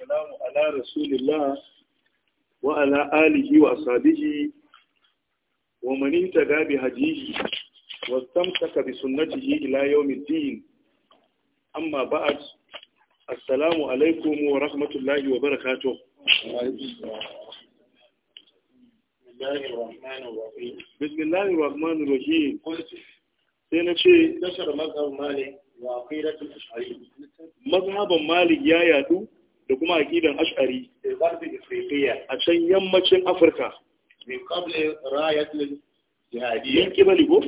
والسلام على رسول الله وعلى آله وأصحابه ومن اهتدى بهديه واستمسك بسنته إلى يوم الدين أما بعد السلام عليكم ورحمة الله وبركاته بسم الله الرحمن الرحيم sai na ce tashar mazhaban malik ya yadu da kuma aqidan ash'ari a can yammacin afirka min qabli rayat jihadiyya min ko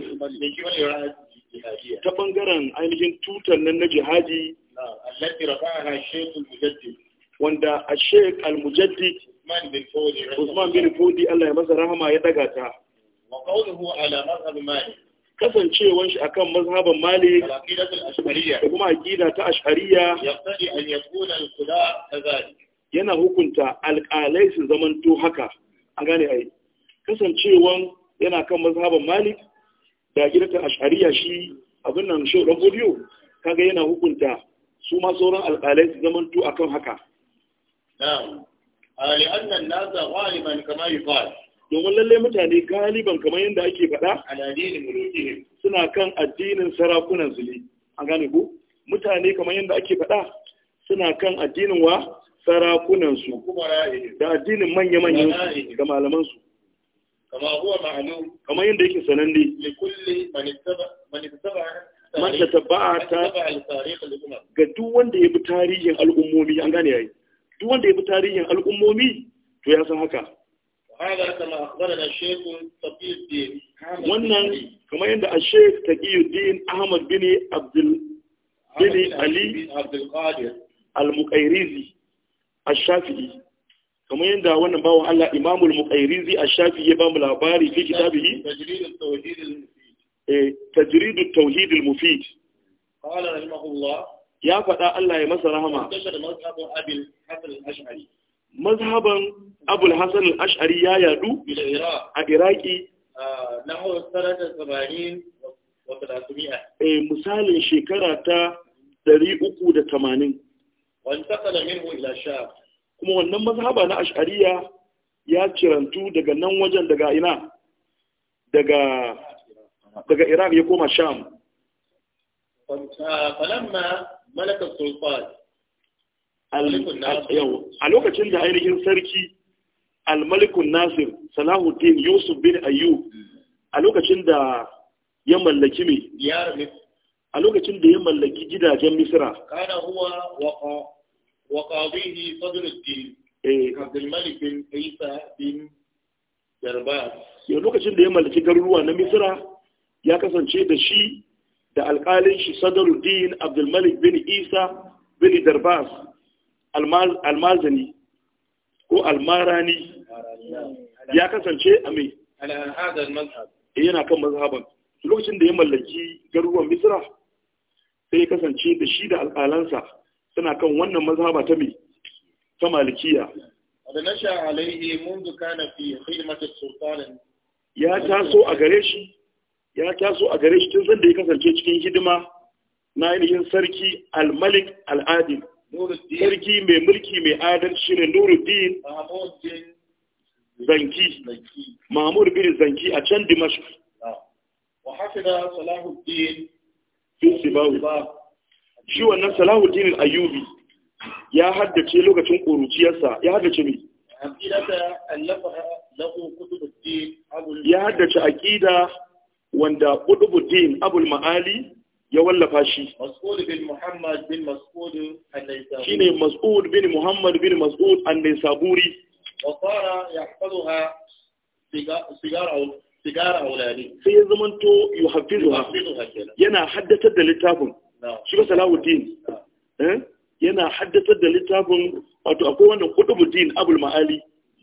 rayat jihadiyya ta bangaren ainihin tutar nan na jihadi allati rafa'aha shaykh al-mujaddid wanda a shaykh al-mujaddid Usman bin Fodi Allah ya masa rahama ya daga ta wa qawluhu ala Malik kasancewar shi akan mazhaban Malik da kuma aqida ta Ash'ariyya yana hukunta alƙalai su to haka an gane ai kasancewar yana kan mazhaban Malik da aqida ta Ash'ariyya shi abin nan shi da godiyo kaga yana hukunta su ma sauran alƙalai su to akan haka na'am ali annan nasa ghaliban kama yufal domin lallai mutane galiban kamar yadda ake faɗa suna kan addinin sarakunan zuli ne an gane ku mutane kamar yadda ake faɗa suna kan addinin wa sarakunan su da addinin manya-manyan su ga malaman su kamar yadda yake sananne man ta tabba'a ta ga duk wanda ya bi tarihin al'ummomi an gane yayi duk wanda ya bi tarihin al'ummomi to ya san haka هذا كما أخبرنا الشيخ تقي الدين wannan kamar yadda a sheik taqiyuddin ahmad bin abdul ali al-muqairizi ash-shafi'i kamar yadda wannan bawan Allah imamul muqairizi ash-shafi'i ya ba mu labari fi kitabihi tajrid at-tauhid al-mufid qala ya faɗa Allah ya masa rahama mazhaban abul hasan al-ash'ari ya yadu a iraki na sanata 80 wa 300 eh misalin shekara ta 380 minhu ila sham kuma wannan mazhaba na ash'ariya ya cirantu daga nan wajen daga ina daga daga iraq ya koma sham ah, falamma malaka sulfat a lokacin da ainihin sarki almalikun nasir salahuddin yusuf bin ayyub a lokacin da ya mallaki mai a lokacin da ya mallaki gidajen misira kana huwa wa qadihi sadruddin eh. bin lokacin da ya mallaki garuruwa na misira ya kasance da shi da alƙalin shi sadruddin abdulmalik bin isa bin darbas almazani ko almarani ya kasance a mai eh, yana kan mazhaban lokacin da ya mallaki garuruwan misra sai ya kasance da shi da al'alansa. suna kan wannan mazhaba ta mai ta malikiya ya taso a gare shi ya taso a gare shi tun sanda ya kasance cikin hidima na ainihin sarki al-malik al-adil sarki mai mulki mai adalci ne nuruddin zanki mahmud bin zanki a can dimashu wa hafida salahuddin fi sibawi shi wannan salahuddin al-ayyubi ya haddace lokacin ƙuruciyarsa ya haddace mai ya haddace aƙida wanda ƙudubuddin abul ma'ali ya wallafa shi mas'ud bin muhammad bin mas'ud an-naysaburi shine mas'ud bin muhammad bin mas'ud an-naysaburi wa sara yahfazuha sigar aw sigar awlani sai ya zamanto yuhaffizuha yana haddatar da littafin shi ba salahuddin eh? yana haddatar da littafin wato akwai wannan kutubuddin abul ma'ali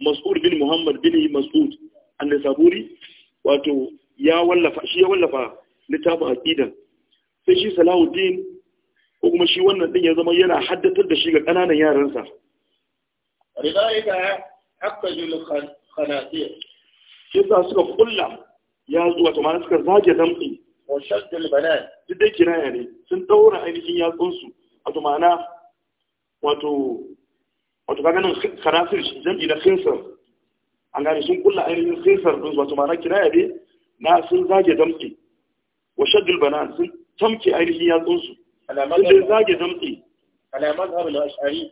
mas'ud bin muhammad bin mas'ud an-naysaburi wato ya wallafa shi ya wallafa littafin aqidan sai shi salahuddin ko kuma shi wannan din ya zama yana haddatar da shi ga kananan yaransa rida'ika haqqajul khanasir yasa suka kulla ya zuwa to ma'ana suka zage damɗi wa shaddul banan duk dai kinaya ne sun daura ainihin yatsunsu wato ma'ana wato wato kaga nan khanasir shi jam'i na khinsar an gane sun kulla ainihin khinsar din wato ma'ana kinaya ne na sun zage damɗi wa shaddul banan sun tamke ainihin yatsunsu sun zage damtse alamar na ash'ari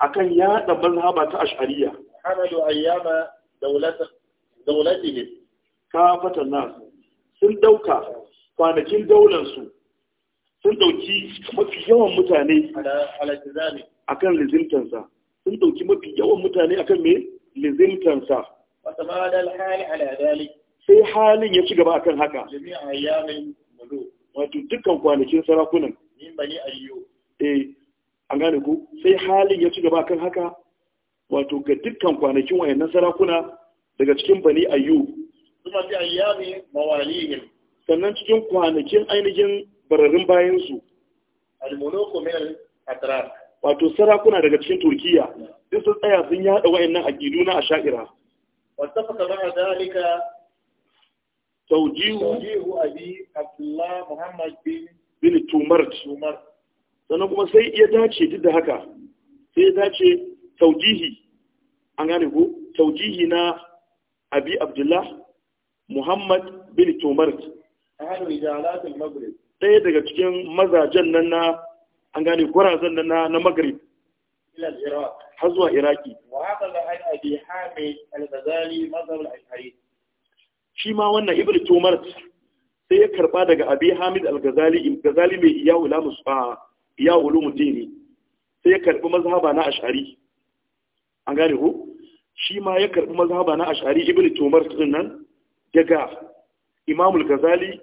akan yaɗa mazhaba ta ash'ariya Hamadu ayyama Ka kafatan na. sun ɗauka kwanakin daularsu. sun ɗauki mafi yawan mutane akan lizintansa. sun ɗauki mafi yawan mutane akan me dali. sai halin ya ci gaba akan haka jami'a ayyamin muluk wato dukkan kwanakin sarakunan min bani aliyu eh an gane ku sai halin ya ci gaba kan haka wato ga dukkan kwanakin wayannan sarakuna daga cikin bani ayyu kuma bi ayyami mawalihim sannan cikin kwanakin ainihin bararin bayansu. su al-muluku min al-atraf wato sarakuna daga cikin turkiya duk sun tsaya sun yada wayannan aqidu na asha'ira wattafaka ma'a dalika taujihu taujihu abi abdullah muhammad bin bin tumar tumar sannan kuma sai ya dace duk da haka sai ya dace taujihi an gane ko taujihi na abi abdullah muhammad bin tumar ahlu ijalat al-maghrib ɗaya daga cikin mazajen nan na an gane gwarazan nan na na maghrib har zuwa iraki wa haka da an abi hamid al-ghazali mazhab al-ashari shi ma wannan ibn tumar sai ya karba daga abi hamid al-ghazali ghazali mai iyawu la musfa iyawu lumudini sai ya karbi mazhaba na ash'ari an gane ko shi ma ya karbi mazhaba na ash'ari ibn tumar din nan daga imam al-ghazali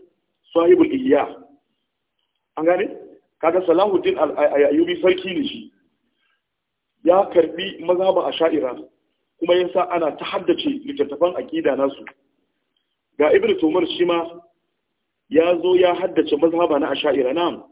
al iyya an gane kaga salahuddin al-ayyubi sarki ne shi ya karbi mazhaba ash'ari kuma yasa ana ta haddace littattafan aqida nasu ga ibn tumar shi ma ya zo ya haddace mazhaba na asha'ira na'am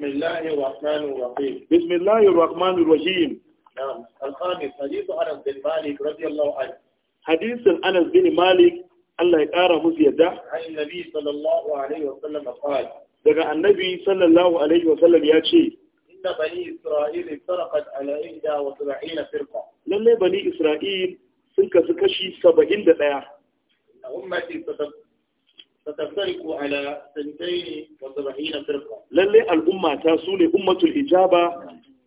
بسم الله الرحمن الرحيم بسم الله الرحمن الرحيم نعم الخامس حديث انس بن مالك رضي الله عنه حديث انس بن مالك الله يقرا مزيدا عن النبي صلى الله عليه وسلم قال daga annabi sallallahu alaihi wasallam ya ce inna bani Isra'il sarqat ala 71 firqa lalle bani Isra'il sun kasu kashi 71 ummati satafariku ala 72 firqa lalle al'umma ta ijaba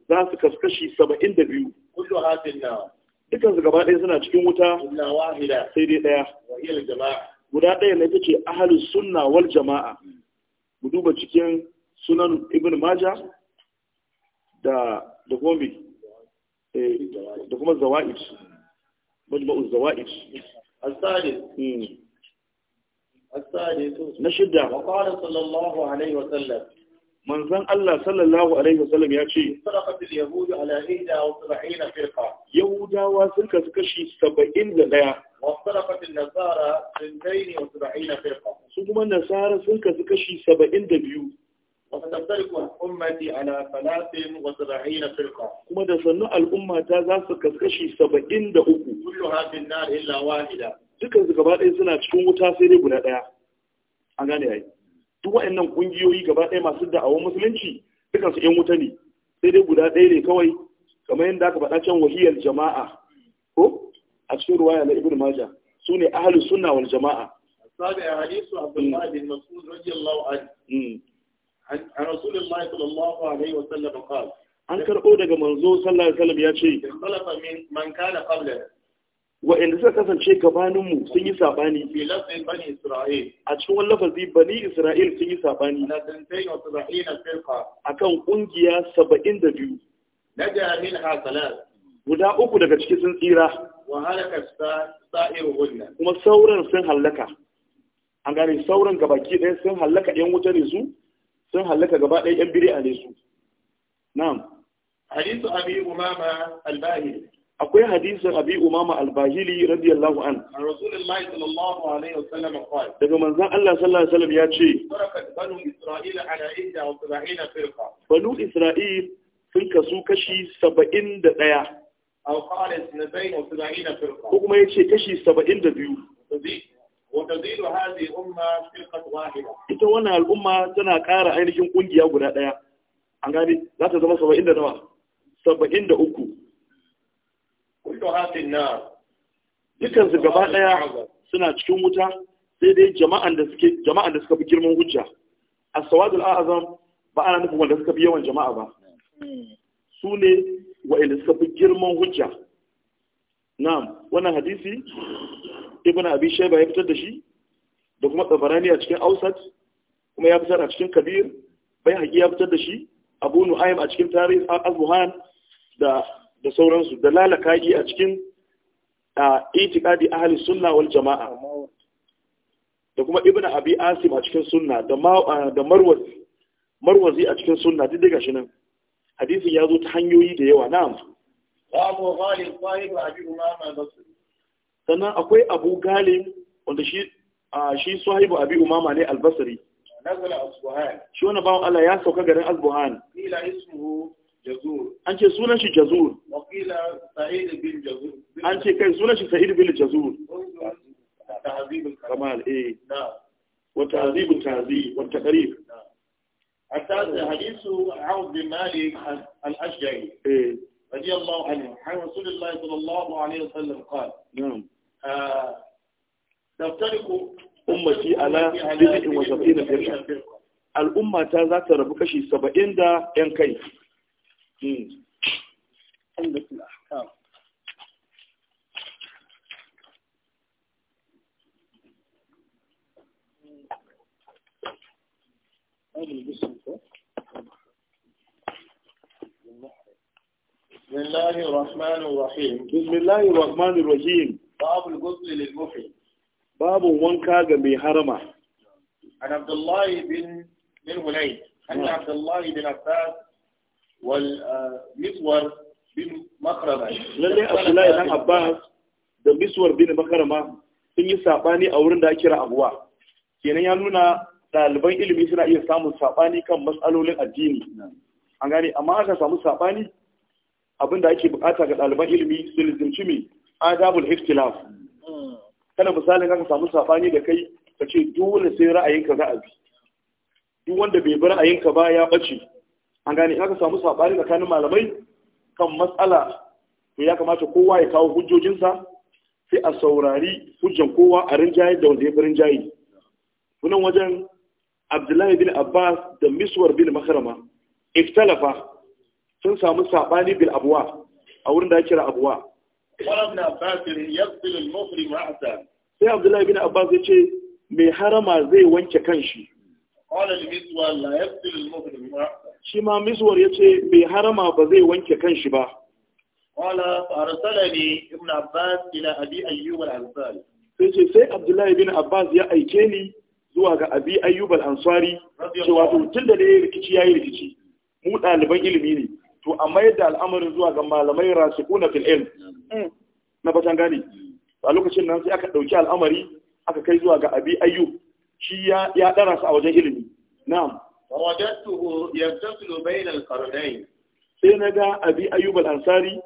za su kasu kashi 72 kullu hatin na dukan su gaba ɗaya suna cikin wuta sai dai ɗaya guda ɗaya na ita ce ahalus sunna wal jama'a mu duba cikin sunan ibn maja da da eh, da kuma zawa'id majma'u zawa'id asali asali hmm. na shidda wa qala sallallahu alaihi wa sallam Allah sallallahu alaihi wa sallam ya ce ala 71 firqa yahudawa sun kasu kashi 71 su kuma nasara sun kasu kashi 72 وستفترق أمتي على ثلاث وسبعين za su kaskashi saba'in da uku. سبعين دقو كلها في النار إلا واحدة dukkan su gaba ɗaya suna cikin wuta sai dai guda ɗaya an gane yayi duk waɗannan kungiyoyi gaba ɗaya masu da'awar musulunci dukkan su ƴan wuta ne sai dai guda ɗaya ne kawai kamar yadda aka faɗa can wahiyar jama'a ko a cikin ruwaya na ibnu majah su ne ahlus sunna wal jama'a sabi hadisu abdullahi bin mas'ud radiyallahu anhu mm. an rasulullahi sallallahu alaihi wasallam qala an karɓo daga manzo sallallahu alaihi wasallam ya ce salafa min man kana qabla wa inda suka kasance gabanin mu sun yi sabani bi lafzin bani isra'il a cikin wani lafazi bani isra'il sun yi sabani na tantai wa sab'ina firqa akan kungiya 72 naja minha salat guda uku daga cikin sun tsira wa halaka sa'iruhunna kuma sauran sun halaka an gane sauran gabaki ɗaya sun halaka yan wuta ne su sun halaka gaba ɗaya yan biri a su na'am hadisu abi umama al-bahili akwai hadisin abi umama al-bahili radiyallahu an rasulullahi sallallahu alaihi wasallam qala daga manzon Allah sallallahu alaihi wasallam ya ce banu isra'ila ala 71 firqa banu isra'il sun kasu kashi 71 aw qala 72 firqa ko kuma yace kashi 72 وتزيد هذه الأمة فرقة واحدة ita wannan al'umma tana ƙara ainihin ƙungiya guda ɗaya an gani za ta zama saba'in da nawa saba'in da uku kullu hatin na dukkan su gaba ɗaya suna cikin wuta sai dai jama'an da suke jama'an da suka fi girman hujja as-sawadul a'zam ba ana nufin wanda suka fi yawan jama'a ba su ne wa'anda suka fi girman hujja na'am wannan hadisi ibn abi shayba ya fitar da shi da kuma tsabarani a cikin ausat kuma ya fitar a cikin kabir bai haƙi ya fitar da shi abu nu'aym a cikin tarihi al-azbuhan da da sauransu da lalaka'i a cikin itiqadi ahli sunna wal jama'a da kuma ibn abi asim a cikin sunna da da marwazi marwazi a cikin sunna duk daga shi nan hadisin ya zo ta hanyoyi da yawa na'am babu ghalib sahibu abi umama basri sannan akwai abu galib wanda shi shi sahibu abi umama ne albasri nazala asbuhan shi wannan bawon Allah ya sauka garin asbuhan ila ismuhu jazur an ce sunan shi jazur wa qila sa'id bin jazur an ce kai sunan shi sa'id bin jazur ta'zib kamal eh na wa ta'zib ta'zib wa taqrib hatta hadithu a'ud bin malik al-ashja'i eh رضي الله عنه عن رسول الله صلى الله عليه وسلم قال نعم daftariku ummati ala bid'in wa sab'ina firqa ta za ta rabu kashi 70 da yan kai بسم الله الرحمن الرحيم بسم الله الرحمن الرحيم باب الغسل للمحي باب وانكا غمي ga mai عبد الله بن bin bin hulay عبد الله بن عباس والمسور بن bin makrama عبد الله بن عباس da miswar bin makrama sun yi saɓani a wurin da ake kira abuwa kenan ya nuna ɗaliban ilimi suna iya samun saɓani kan matsalolin addini an gane amma aka samu saɓani abin da ake bukata ga ɗaliban ilimi su lizinci mai adabul ikhtilaf kana misalin ka samu sabani da kai kace ce dole sai ra'ayinka za a bi duk wanda bai bar ra'ayinka ba ya bace an gane ka samu sabani tsakanin malamai kan matsala to ya kamata kowa ya kawo hujjojinsa sai a saurari hujjan kowa a rinjaye da wanda ya bar rinjaye wannan wajen abdullahi bin abbas da miswar bin makarama iftalafa sun samu sabani bil abwa a wurin da ya kira abuwa عباس يغسل المحرم sai Abdullahi bin Abbas ya ce mai harama zai wanke kanshi qala al-miswar la yaghsil al yace mai harama ba zai wanke kanshi ba qala arsalani sai ce sai Abdullahi bin Abbas ya aike ni zuwa ga abi ayyub al-ansari cewa tun da dai rikici yi rikici mu ɗaliban ilimi ne to amma yadda al'amarin zuwa ga malamai rasikuna fil ilm mm. na fatan gani a lokacin nan sai aka dauki al'amari aka kai zuwa ga abi ayyu shi ya ya dara su a wajen ilimi na'am wajadtuhu yantasilu bayna al-qarnayn sai na ga abi ayyub al-ansari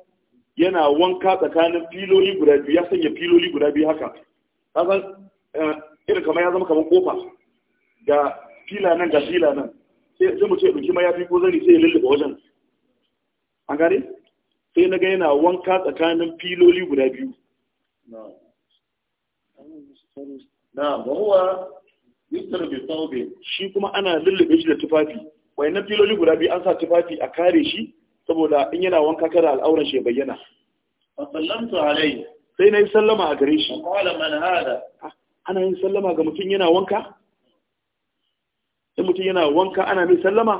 yana wanka tsakanin filoli guda biyu ya sanya filoli guda biyu haka kasan eh, irin kamar ya zama kamar kofa ga fila nan ga fila nan sai mu ce ɗauki mayafi ko zani sai ya lullube wajen an gane sai na ga yana wanka tsakanin filoli guda biyu na bawa huwa yusuf bi shi kuma ana lullube shi da tufafi na filoli guda biyu an sa tufafi a kare shi saboda in yana wanka kada al'auran shi bayyana fa sallamtu sai na yi sallama a gare shi qala man hada ah, ana yin sallama ga mutum yana wanka in mutum yana wanka ana mai sallama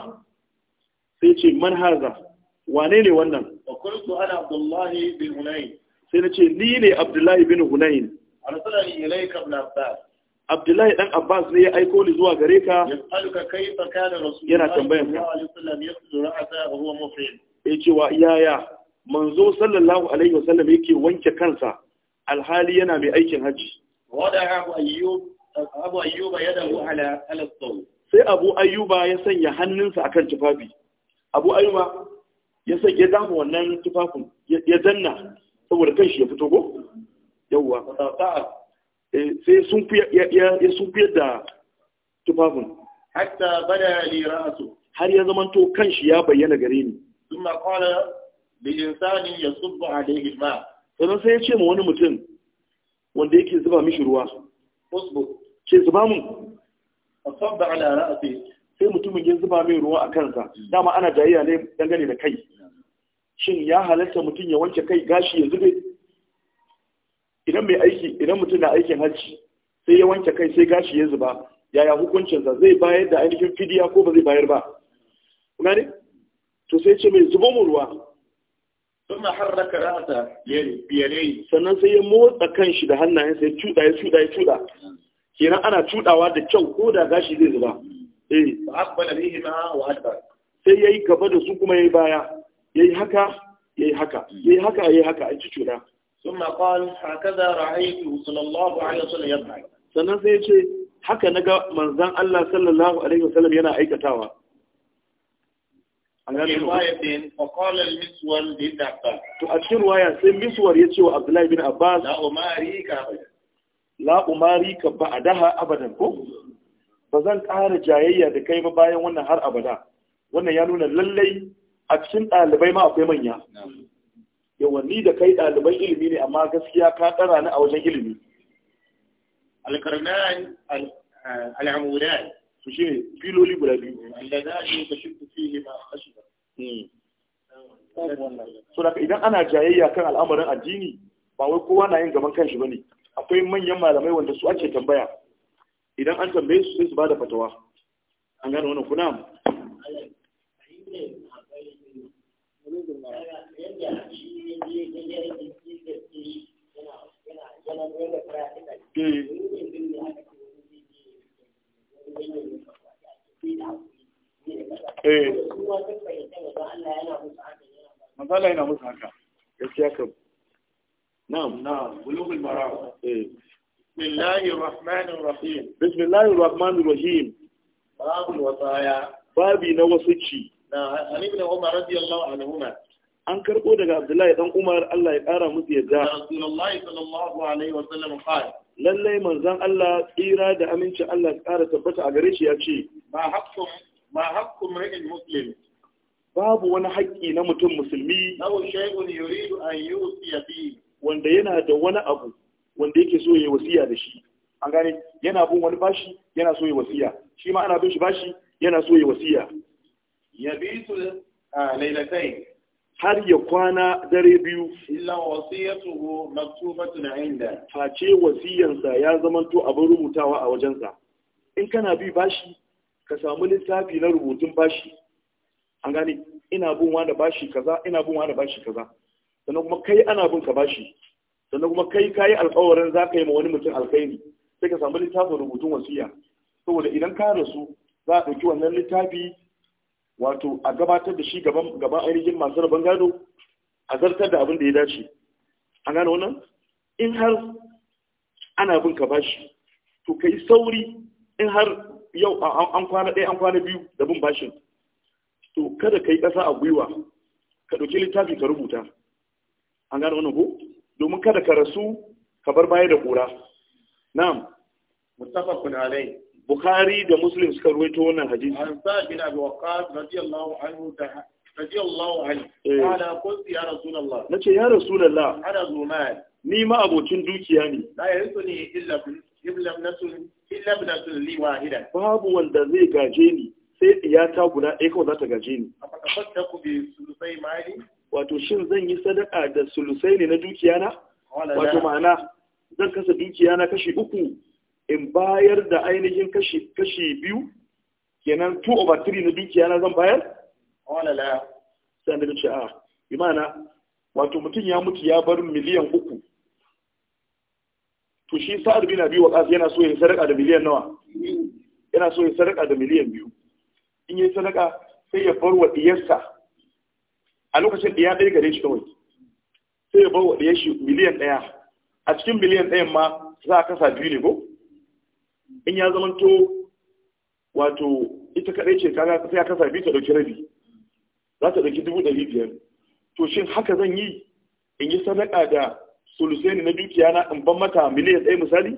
sai ce man haza wane ne wannan wa qultu ana abdullahi bin hunayn sai na ce ni ne abdullahi bin hunayn arsalani ilayka ibn abbas abdullahi ɗan abbas ne ya aiko ni zuwa gare ka yasaluka kayfa kana rasulullahi yana tambayan ka ya cewa yaya manzo sallallahu alaihi wa sallam yake wanke kansa alhali yana mai aikin haji wada abu ayyub abu ayyuba yadahu ala ala sai abu ayyuba ya sanya hannunsa akan tufafi abu ayyuba ya sai ya damu wannan tufafin ya danna saboda kan shi ya fito ko yawwa eh, sai sun fi ya sun fi da tufafin hatta bada li ra'su har ya zaman to kan shi ya bayyana gare ni kuma qala bi insani yasubbu alayhi ma sai sai ya ce ma wani mutum wanda yake zuba mishi ruwa usbu ce zuba mu asabba ala ra'si sai mutumin ya zuba mai ruwa a kansa dama ana jayayya ne dangane da kai shin ya halatta mutum ya wanke kai gashi ya zube idan mai aiki idan mutum na aikin hajji sai ya wanke kai sai gashi ya zuba yaya hukuncinsa zai bayar da ainihin fidiya ko ba zai bayar ba kuma ne to sai ce mai zubo mu ruwa sun harraka rata biyalai sannan sai ya motsa kanshi da hannayen sai cuda ya cuda ya cuda kenan ana cudawa da kyau ko da gashi zai zuba eh sai ya yi gaba da su kuma ya yi baya yayi haka yayi haka yayi haka yayi haka an ci cuna ثم قال hakaza ra'aytu sallallahu alaihi wasallam وسلم sannan sai ya ce haka naga manzon Allah sallallahu alaihi wasallam yana aikatawa to a cikin ruwaya sai miswar ya ce wa Abdullahi bin Abbas la umari ka ba a daha abadan ko ba zan ƙara jayayya da kai ba bayan wannan har abada wannan ya nuna lallai a cikin ɗalibai ma akwai manya yawanni da kai ɗaliban ilimi ne amma gaskiya ka ɗara ni a wajen ilimi alkarnan eh, al'amudan su shi ne filoli guda biyu Su hmm. daga idan ana jayayya kan al'amarin addini ba wai kowa na yin gaban kanshi bane akwai manyan malamai wanda su ake tambaya idan an tambaye su sai su bada fatawa an gane wannan kuna Matsala yana musu haka. Gaskiya kam. Na'am. Na'am. Bulugul mara. Eh. Bismillahir Rahmanir Rahim. Bismillahir Rahmanir Rahim. Babu wasaya. Babi na wasu ci. na an umar radiyallahu anhuma an karbo daga abdullahi dan umar Allah ya kara musu yadda rasulullahi sallallahu alaihi wa sallam qala lallai manzon Allah tsira da aminci Allah ya kara tabbata a gare shi ya ce ma haqqum ma Musulmi ra'in muslim babu wani haƙƙi na mutum musulmi aw shay'un yuridu an yusiya bi wanda yana da wani abu wanda yake so ya wasiya da shi an gane yana bin wani bashi yana so ya wasiya shi ma ana bin shi bashi yana so ya wasiya yabitu lailatain har ya kwana dare biyu illa wasiyatuhu maktubatun inda face wasiyansa ya to abin rubutawa a wajensa in kana bi bashi ka samu littafi na rubutun bashi an gane ina bin wani bashi kaza ina bin wani bashi kaza sannan kuma kai ana bin ka bashi sannan kuma kai kai alƙawarin za ka yi ma wani mutum alƙairi sai ka samu littafin rubutun wasiya saboda idan ka rasu za a ɗauki wannan littafi wato a gabatar da shi gaban gaban ainihin masu rabon gado a zartar da abin da ya dace a gane wannan in har ana bin ka bashi to ka yi sauri in har yau an kwana ɗaya an kwana biyu da bin bashin to kada ka yi ƙasa a gwiwa ka ɗauki littafi ka rubuta a gane wannan ko domin kada ka rasu ka bar baya da ƙura na'am mustapha kunalai Bukhari da Muslim suka ruwaito wannan hadisi. An sa bin Abi Waqqas radiyallahu anhu da radiyallahu anhu eh. qala qultu ya Rasulullah. Nace ya Rasulullah. Ana zumal. Ni ma abocin dukiya ne. La yarisuni illa illa nasun illa nasun li wahida. Babu wanda zai gaje ni sai iyata guda ɗaya kawai za ta gaje ni. A fata ku bi sulusai mali. Wato shin zan yi sadaka da sulusai ne na dukiya na? Wato ma'ana zan kasa dukiya na kashi uku in bayar da ainihin kashi kashi biyu kenan 2 over 3 na dukiya na zan bayar wane laya, sai da ce a imana wato mutum ya mutu ya bar miliyan uku to shi sa'ad bin abi waqas yana so ya sadaka da miliyan nawa yana so ya sadaka da miliyan biyu in yi sadaka sai ya bar wa diyarsa a lokacin ya ɗaya gare shi kawai sai ya bar wa diyar shi miliyan ɗaya a cikin miliyan ɗayan ma za a kasa biyu ne ko in ya zamanto wato ita kadai ce kaga sai aka sami ta dauki rabi za ta dauki dubu ɗari biyar to shin haka zan yi in yi sadaka da sulusaini na dukiya na in ban mata miliyan ɗaya misali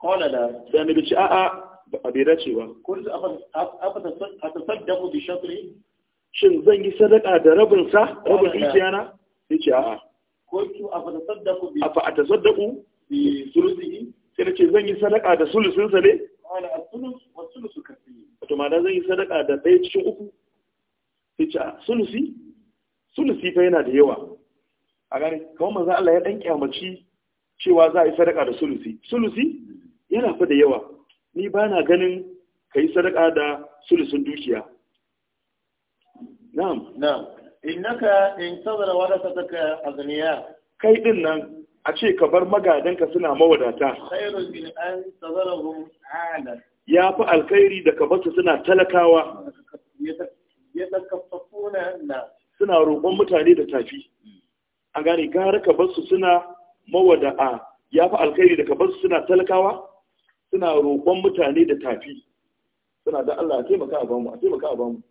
kawai da sai na bici a'a a bai dace ba Ko a tasaddaku bi shatri shin zan yi sadaka da rabin sa rabin dukiya na ya ce a'a ko a tasaddaku bi sulusaini sai da ce zan yi sadaka da sulusun sa ne wato ma zan yi sadaka da ɗaya cikin uku sai ce sulusi sulusi fa yana da yawa a gane kawai maza Allah ya dan kyamaci cewa za a yi sadaka da sulusi sulusi yana fa da yawa ni ba na ganin ka yi sadaka da sulusun dukiya na'am na'am innaka intazara a zaniya? kai din nan a ce ka bar magadanka suna mawadata ya fi alkhairi da ka basu suna talakawa suna roƙon mutane da tafi a gane gara ka basu suna mawada'a ya fi alkhairi da ka basu suna talakawa suna roƙon mutane da tafi suna da Allah a taimaka a bamu a taimaka a bamu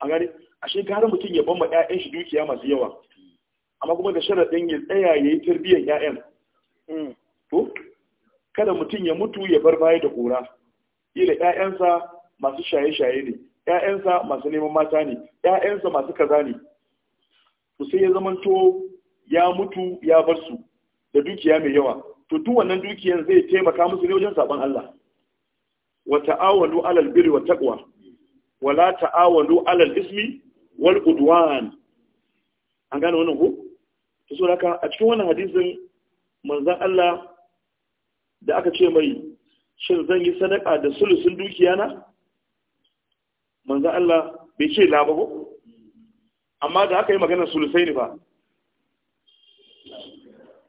a gane a shekarar mutum ya bamma 'ya'yan shi dukiya masu yawa amma kuma da sharaɗin ya tsaya ya yi tarbiyyar ‘ya'yan mm. to kada mutum ya mutu ya bar baya da ƙura ila ‘ya'yansa masu shaye-shaye ne ‘ya'yansa masu neman mata ne ‘ya'yansa masu kaza ne to sai ya zamanto ya mutu ya bar su da dukiya mai yawa to duk wannan dukiyar zai taimaka musu ne wajen saɓon Allah wa ta'awalu alal birri wa taqwa wa la ta'awalu alal ismi wal udwan an gane wannan ko saboda so haka a cikin wannan hadisin manzan Allah da aka ce mai shin zan yi sadaka da sulusun dukiya na manzan Allah bai ce la ko amma da aka yi maganar sulusai ne ba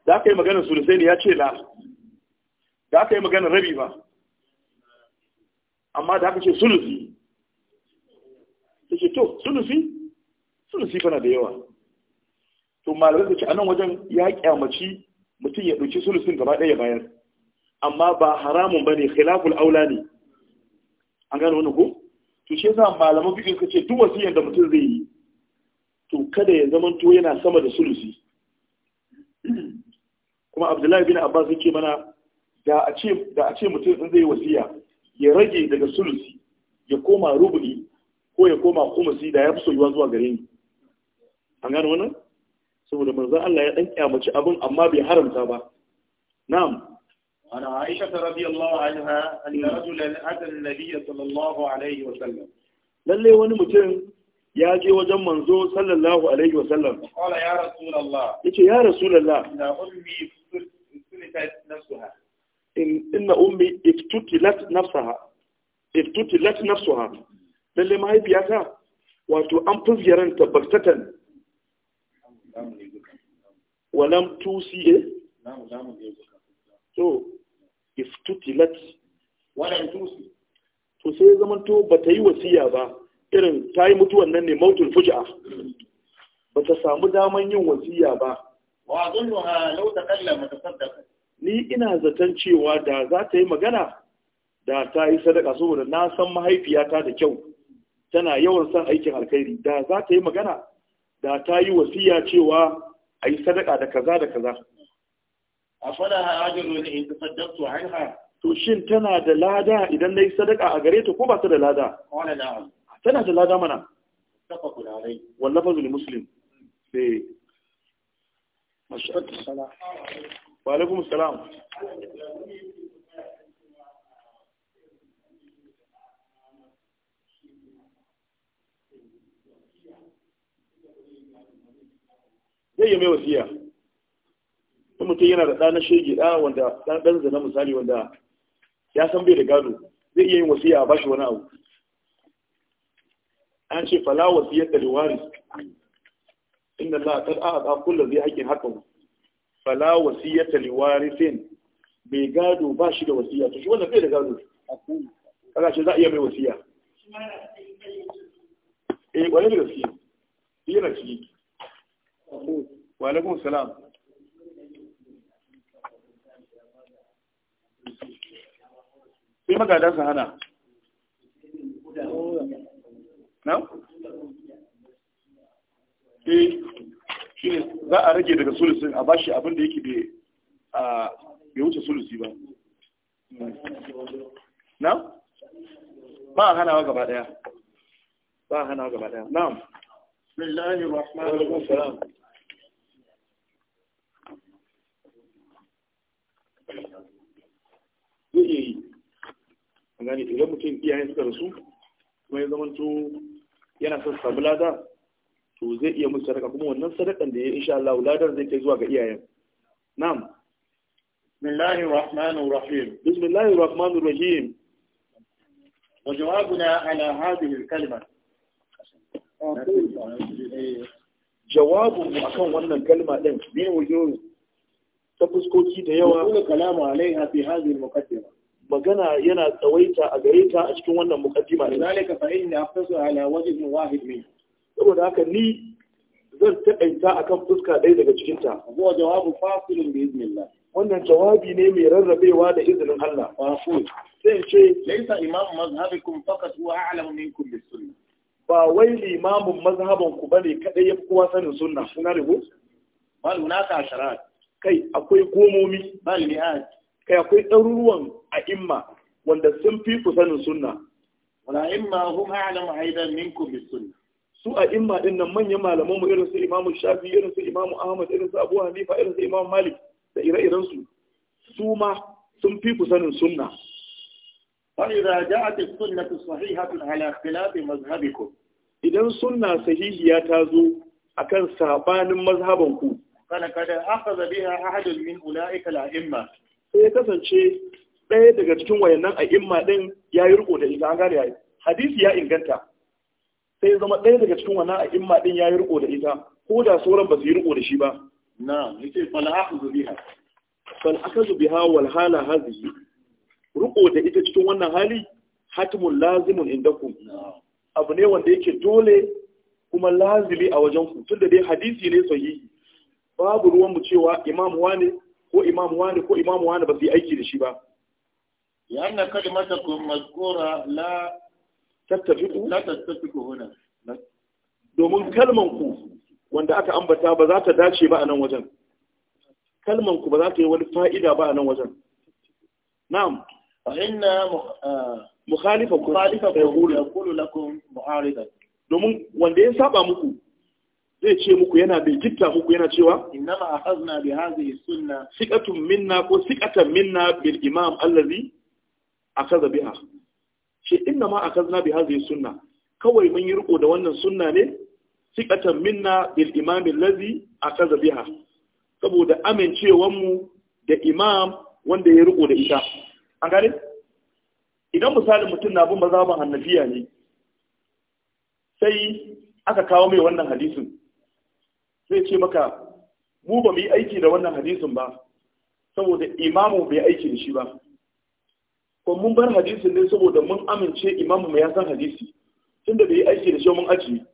da aka yi maganar sulusai ne ya ce la da aka yi maganar rabi ba amma da aka ce sulusi ta ce to sulusi sulusi fana da yawa to malamai su ce a nan wajen ya kyamaci mutum ya ɗauki sulusin gaba ɗaya bayan, amma ba haramun ba ne khilaful aula ne an gano wani ko to shi yasa malamai fiƙi suka ce duk wasu da mutum zai yi to kada ya zama to yana sama da sulusi kuma abdullahi bin abbas yake mana da a ce da a ce mutum in zai wasiya ya rage daga sulusi ya koma rubu'i ko ya koma kumusi da ya fi soyuwa zuwa gare ni an gano wannan saboda manzo Allah ya dan kyamaci abin amma bai haramta ba na'am ana Aisha radiyallahu anha anna hmm. rajulan ata an-nabiy sallallahu alaihi wa sallam lalle wani mutum ya je wajen manzo sallallahu alaihi wa sallam qala ya rasulullah yace ya rasulullah inna ummi iftutilat nafsaha inna ummi iftutilat nafsaha iftutilat nafsaha lalle mahaifiyata wato an fi fuzgaranta baktatan ولم tusi eh افتتلت iftutilat walam tusi to sai to bata yi wasiya ba irin ta yi mutuwan nan ne mautul fuji'a ba samu daman yin wasiya ba wa azunnuha law takallama tasaddaqa ni ina zaton cewa da za ta yi magana da ta yi sadaka saboda na san mahaifiyata da kyau tana yawan son aikin alkhairi da za ta yi magana da ta yi wasiya cewa a yi sadaka da kaza da kaza a fada hajjaro ne in tasaddaqtu anha to shin tana da lada idan na yi sadaka a gare ta ko ba ta da lada na'am tana da lada mana tafakkur alai wallafa zul muslim sai eh. mashallah wa alaikum salam zai yi mai wasiya in mutum yana da ɗana shege ɗa wanda ɗan zana misali wanda ya san bai da gado zai iya yin wasiya a bashi wani abu an ce fala wasiyar da liwari inda za a tar'a a kullum zai haƙin hakan fala wasiyar da liwari fin bai gado ba shi da wasiya to shi wanda bai da gado kaga ce za a iya mai wasiya eh kwanin da gaskiya yana ciki wa salam sai magada su hana na? eh shi ne za a rage daga sulusin a bashi abin da yake bai a ya wuce sulusi ba na? ba a hanawa gaba daya ba a hanawa gaba daya na'am bismillahir rahmanir rahim idan mutum iyayen suka rasu kuma ya zama to yana son samu lada to zai iya musu sadaka kuma wannan sadakan da ya insha Allah ladar zai kai zuwa ga iyayen na'am bismillahir rahmanir rahim bismillahir rahmanir rahim wa jawabuna ala hadhihi al-kalima jawabun akan wannan kalma din bi wujuh ta fuskoki da yawa kalamu alaiha fi hadhihi al-muqaddimah magana yana tsawaita a gare ta a cikin wannan mukaddima ne zalika fa inna aftasu ala wajh wahid min saboda haka ni zan taƙaita akan fuska ɗaya daga cikin ta huwa jawabu fasilun bi iznillah. wannan jawabi ne mai rarrabewa da izinin Allah fa sai ce laysa imam mazhabikum faqat huwa a'lamu minkum bis sunnah ba wai limamin mazhaban ku bane kadai yafi kowa sanin sunna kuna rubu? bal hunaka asharat kai akwai gomomi bal mi'at kai akwai ɗaruruwan imma wanda sun fi ku sanin sunna. Wala imma hun ha'alama aidan minku bi sunna. Su a imma ɗin nan manyan malaman mu irin su Imamu Shafi, irin su Imamu Ahmad, irin su Abu Hanifa, irin su Imamu Malik da ire-iren su. Su ma sun fi ku sanin sunna. Wani da ja'atin sunna su sahihatun ala khilafi mazhabikum. Idan sunna sahihiya ta zo a kan sabanin mazhabanku. Kana kada aka zabi a ahadun min ula'ika la'imma. sai ya kasance ɗaya daga cikin wayannan a imma ɗin ya yi riko da ita an gane yayi hadisi ya inganta sai ya zama ɗaya daga cikin wannan a imma ɗin ya yi riko da ita ko da sauran ba su yi riko da shi ba na yake fala akhudhu biha fal akhudhu biha wal hala hadhihi riko da ita cikin wannan hali hatmun lazimun indakum abu ne wanda yake dole kuma lazimi a wajen ku tunda dai hadisi ne sahihi babu ruwanmu cewa imam wane ko imam wani ko imam wani ba su yi aiki da shi ba لأن كلمتكم مذكورة لا تتفق لا تتفق هنا domin kalmanku wanda aka ambata ba za ta dace ba a nan wajen kalmanku ba za ta yi wani fa'ida ba a nan wajen na'am fa inna ah, mukhalifakum yaqulu lakum mu'aridan domin wanda ya saba muku zai ce muku yana bai gitta muku yana cewa innama akhadna bi hadhihi sunna siqatun minna ko siqatan minna bil imam allazi akhadha biha shi innama akhadna bi hadhihi sunna kawai mun yi riko da wannan sunna ne siqatan minna bil imam allazi akhadha biha saboda amincewar mu da imam wanda ya riko da ita an gane idan misalin mutum na bin mazhaban annabiya ne sai aka kawo mai wannan hadisin sai ce maka mu ba mu yi aiki da wannan hadisin ba saboda imamu bai aiki da shi ba ko mun bar hadisin ne saboda mun amince imamu mai yasan hadisi tunda bai yi aiki da shi mun aji.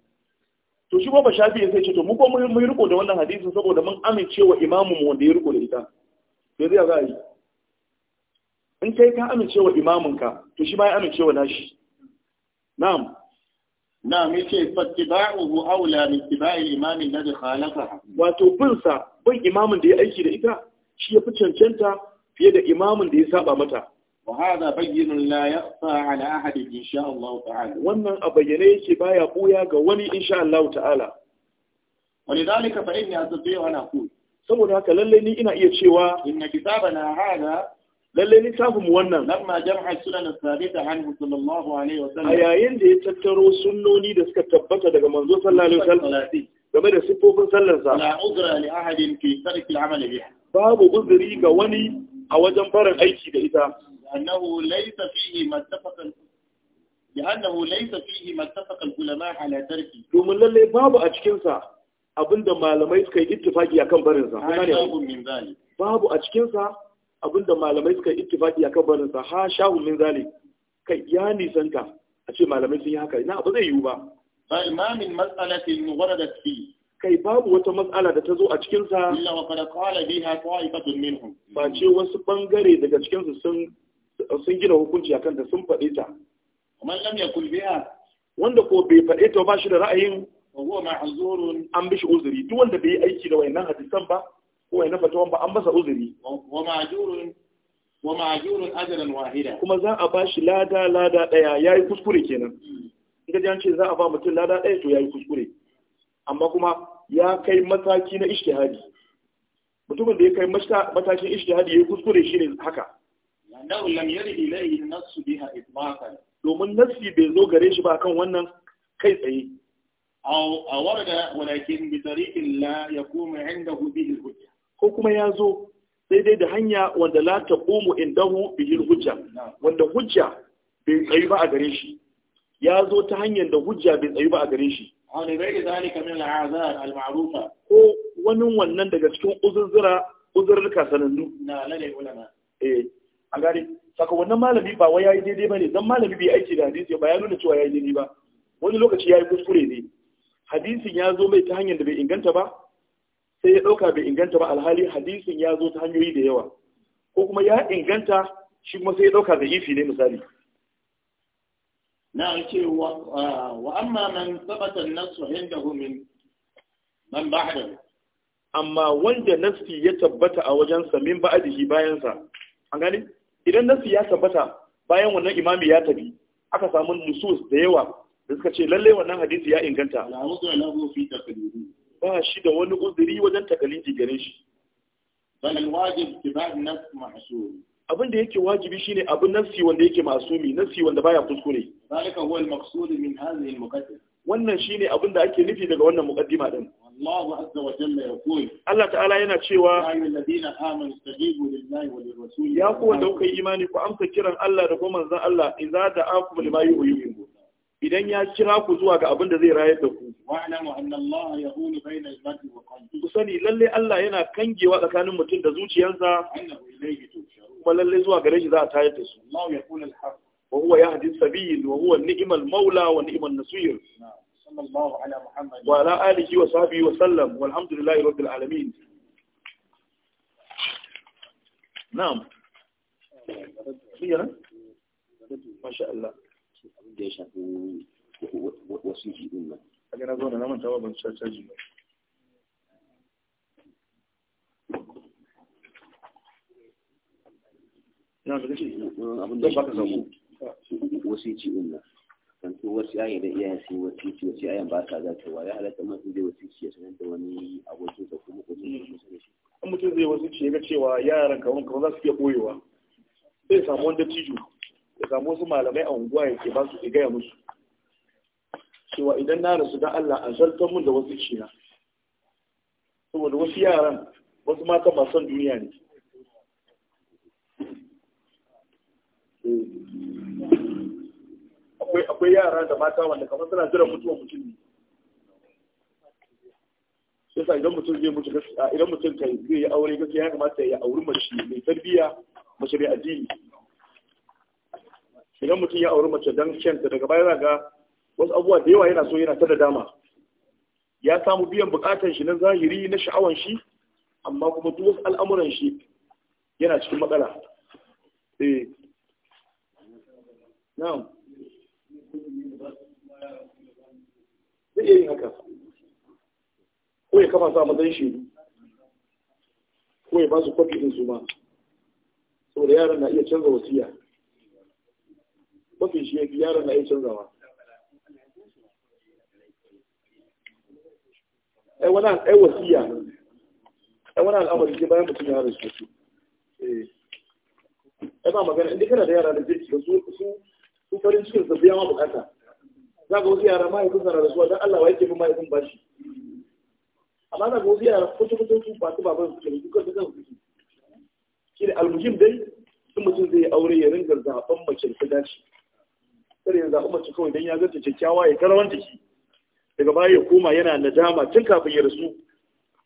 to shi ko ba shafi sai ce to mu ko mun riko da wannan hadisin saboda mun amince wa imamu mu wanda ya riko da ita to zai za yi in kai ka amince wa imamun ka to shi ma ya amince wa nashi na'am na mace fattiba'uhu aula min tiba'i imam alladhi khalafaha wato bin sa bin imamin da ya aiki da ita shi ya fi cancanta fiye da imamin da ya saba mata wa hadha bayyinun la yaqfa ala ahad sha Allah ta'ala wannan a bayyane yake baya buya ga wani sha Allah ta'ala ولذلك فإني أستطيع أن أقول saboda haka lallai ni ina iya cewa inna na hada lallai littafin mu wannan lamma jam'a sunan sabita anhu sallallahu alaihi wasallam yayin da ya tattaro sunnoni da suka tabbata daga manzo sallallahu alaihi wasallam game da sifofin sallar sa la uzra li ahadin fi tarki al-amal biha babu uzuri ga wani a wajen barin aiki da ita annahu laysa fihi mattafaqan لأنه ليس فيه ما اتفق العلماء على تركه domin lallai babu a cikin sa abinda malamai suka yi ittifaki akan barin sa babu a cikin sa abinda malamai suka ittifaki akan barin sa ha shahu min zali kai ya nisanta a ce malamai sun yi haka ina ba zai yiwu ba ba imamin mas'alatin waradat fi kai babu wata matsala da ta zo a cikin sa illa wa qad qala biha ta'ifatun minhum ba ce wasu bangare daga cikin su sun sun gina hukunci akan ta sun faɗe ta man lam yakul biha wanda ko bai faɗe ta ba shi da ra'ayin wa huwa ma'zurun an bishi uzuri duk wanda bai yi aiki da wayannan hadisan ba Kuma ya nafata tawon ba an masa uzuri wa ma'jurun ajalan wahida kuma za a bashi lada lada daya yayi kuskure kenan hmm. in ga ce za a ba mutum lada daya to yayi kuskure amma kuma ya kai mataki na ishtihadi mutumin da ya kai matakin ishtihadi yayi kuskure shine haka annahu lam yarid ilayhi an-nass biha itlaqan domin nassi bai zo gare shi ba kan wannan kai tsaye aw awarda walakin bi tariqin la ya indahu bihi al-hujja kuma ya zo daidai da hanya wanda la taqumu indahu bihil hujja wanda hujja bai tsayi ba a gare shi ya zo ta hanyar da hujja bai tsayi ba a gare shi wani bai zalika min al'azar al-ma'rufa ko wani wannan daga cikin uzurzura uzurruka sanannu na lalai ulama eh a gare saka wannan malami ba wai yayi daidai bane dan malami bai aiki da hadisi ba ya nuna cewa yayi daidai ba wani lokaci yayi kuskure ne hadisin ya zo mai ta hanyar da bai inganta ba sai ya ɗauka bai inganta ba alhali hadisin ya zo ta hanyoyi da yawa ko kuma ya inganta shi kuma sai ya ɗauka da ifi ne misali na ce wa amma man sabata nasu indahu min man ba'da amma wanda nafsi ya tabbata a wajensa min ba'dihi bayansa an gani idan nafsi ya tabbata bayan wannan imami ya tafi aka samu nusus da yawa da suka ce lallai wannan hadisi ya inganta la lahu fi taqlidi ba shi da wani uzuri wajen takalidi gare shi balal wajib tibad nas mahsuri. abin da yake wajibi shine abin nafsi wanda yake masumi nafsi wanda baya kuskure zalika huwa al-maqsud min hadhihi al-muqaddimah wannan shine abin da ake nufi daga wannan muqaddima din Allahu azza wa jalla yaqul Allah ta'ala yana cewa ya ayyuhalladhina amanu istajibu lillahi wa lirrasul ya ku wanda kuka imani ku amsa kiran Allah da kuma manzon Allah idza da'akum lima yuhyikum idan ya kira ku zuwa ga abin da zai rayar da ku واعلموا أن الله يقول بين المرء وقلبه وسني للي الله ينا كنجي وكان متين دزوجي ينزا أنه إليه تشرون وللي زوا غريش ذا تايت الله يقول الحق وهو يهدي السبيل وهو النعم المولى ونعم النصير صلى الله على محمد وعلى آله وصحبه وسلم والحمد لله رب العالمين نعم خيرا ما شاء الله da ya shafi wasu jiɗin nan kaga na zo da naman tawa ban ba na abin da baka din nan kan to da ba za ta waya halatta ma su da wasici ya sanar da wani abokin da kuma mutum zai wasici ya ga cewa yaran kawun kawun za su iya boyewa sai samu wanda tijo ya samu wasu malamai a unguwa ya ke ba su ya gaya musu cewa idan na rasu da Allah a zartar mun da wasu cina saboda wasu yaran wasu mata ba son duniya ne akwai yara da mata wanda kamar suna jira mutuwa mutum ne yasa idan mutum zai mutu gaskiya idan mutum kai zai yi aure gaskiya ya kamata ya auri mace mai tarbiyya mace mai addini idan mutum ya auri mace don kyanta daga baya za ga wasu abubuwa da yawa yana so yana ta da dama ya samu biyan bukatan shi na zahiri na sha'awan shi amma kuma duk wasu al'amuran shi yana cikin matsala eh na'am zai iya yin haka ko ya kafa sa matsayin shi ko ya ba su kwafi din su ma saboda yaran na iya canza wasiya kwafin shi ya fi yaran na iya canzawa ai wani ai wasiya ai wani al'amari ke bayan mutum ya rasu su eh. ai ba magana inda kana da yara da zai da su su farin cikin sa biya ma bukata za ga wasu yara mahaifin sa na rasuwa don Allah wa yake bin mahaifin bashi amma za ga wasu yara kuce kuce su ba su baban su ke dukkan dukkan su shi da almuhim dai in mutum zai aure ya ringa zaɓen mace da ta dace kar ya zaɓi mace kawai don ya zata kyakkyawa ya karawanta shi daga baya ya koma yana nadama tun kafin ya rasu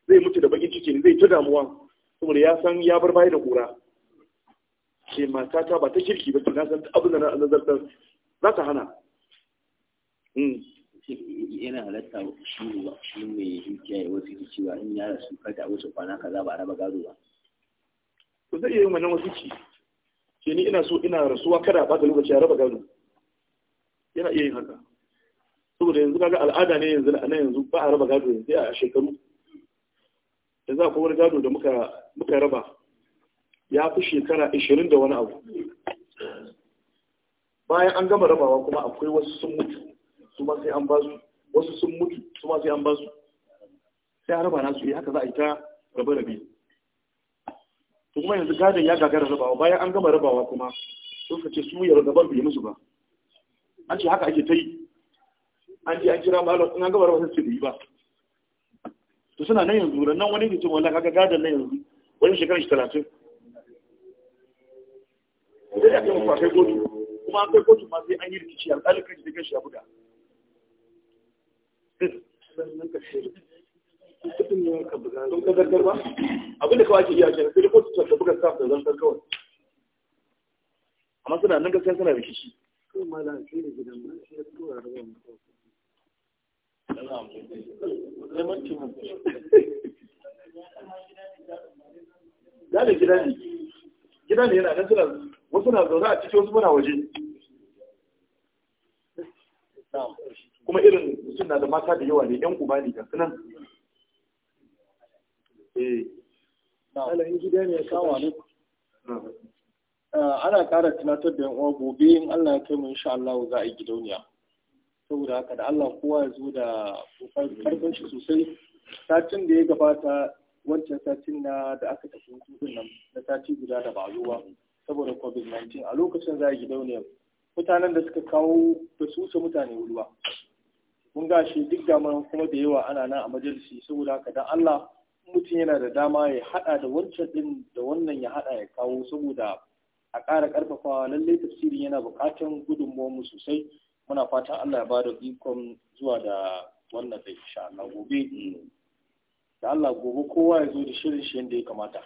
zai mutu da bakin ciki zai ta damuwa saboda ya san ya bar baya da kura ce matata ba ta kirki ba ta san abin da na nazartar za ta hana hmm. yana halatta shi ba shi mai dukiya ya wasu cewa in ya rasu kada wasu kwana kaza ba raba gado ba to zai yi wannan wasu ci ce ni ina so ina rasuwa kada ba ta lokaci a raba gado yana iya yin haka saboda yanzu kaga al'ada ne yanzu na yanzu ba a raba gado yanzu a shekaru da za ku wani gado da muka raba ya fi shekara ishirin da wani abu bayan an gama rabawa kuma akwai wasu sun mutu su ma sai an ba su wasu sun mutu su ma sai an ba su sai an raba na su eh, haka za a yi ta rabe rabe to kuma yanzu gadon ya gagara rabawa bayan an gama rabawa kuma sun ka ce su ya rababan bai musu ba an ce haka ake ta yi an ji an kira malam in an gabar wasu su yi ba to suna nan yanzu ran nan wani mutum wanda kaga gadan nan yanzu wani shekara shi talatin sai ya kai mafafai kotu kuma an kai kotu ma sai an yi rikici alƙalin kan shi kan shi ya buga don ba abin da kawai ke iya kenan sai kotu ta buga staff da zargar kawai amma suna nan gaskiya suna rikici kuma da shi ne gidan ma shi ya tura da wani kawai zaman gane gida ne gida ne yana nan suna wasu na zaune a ciki wasu muna waje kuma irin mutum na da mata da yawa ne yan uba ne ga sunan eh. alayin gida ne kawo ne eh, ana ƙara tunatar da yan uwa gobe in Allah ya kai mu insha Allah za a yi gidauniya saboda haka da Allah kowa ya zo da karfin shi sosai satin da ya gabata wancan satin na da aka tafi hutun nan na sati guda da ba zuwa saboda covid-19 a lokacin za a mutanen da suka kawo da su mutane ruwa mun gashi duk da kuma da yawa ana nan a majalisi saboda haka dan Allah mutum yana da dama ya hada da wancan din da wannan ya hada ya kawo saboda a ƙara karfafawa lallai tafsirin yana bukatan buƙatar gudunmuwanmu sosai muna fatan Allah ya bada ikon zuwa da wannan da insha Allah gobe da Allah gobe kowa ya zo da shirin shi inda ya kamata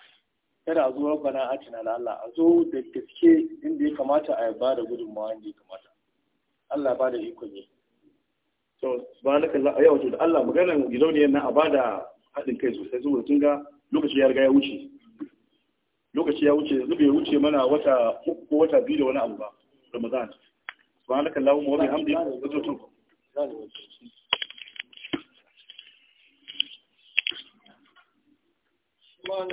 kada a zo rabbana atina da Allah a zo da gaske inda ya kamata a ba da gudunmawa inda ya kamata Allah ya bada ikon yi to subhanaka Allah a wato da Allah maganar gidauniyar nan a bada haɗin kai sosai saboda tun ga lokaci ya riga ya wuce lokaci ya wuce zuba ya wuce mana wata uku ko wata biyu da wani abu ba Ramadan subhanaka allahumma wa bihamdika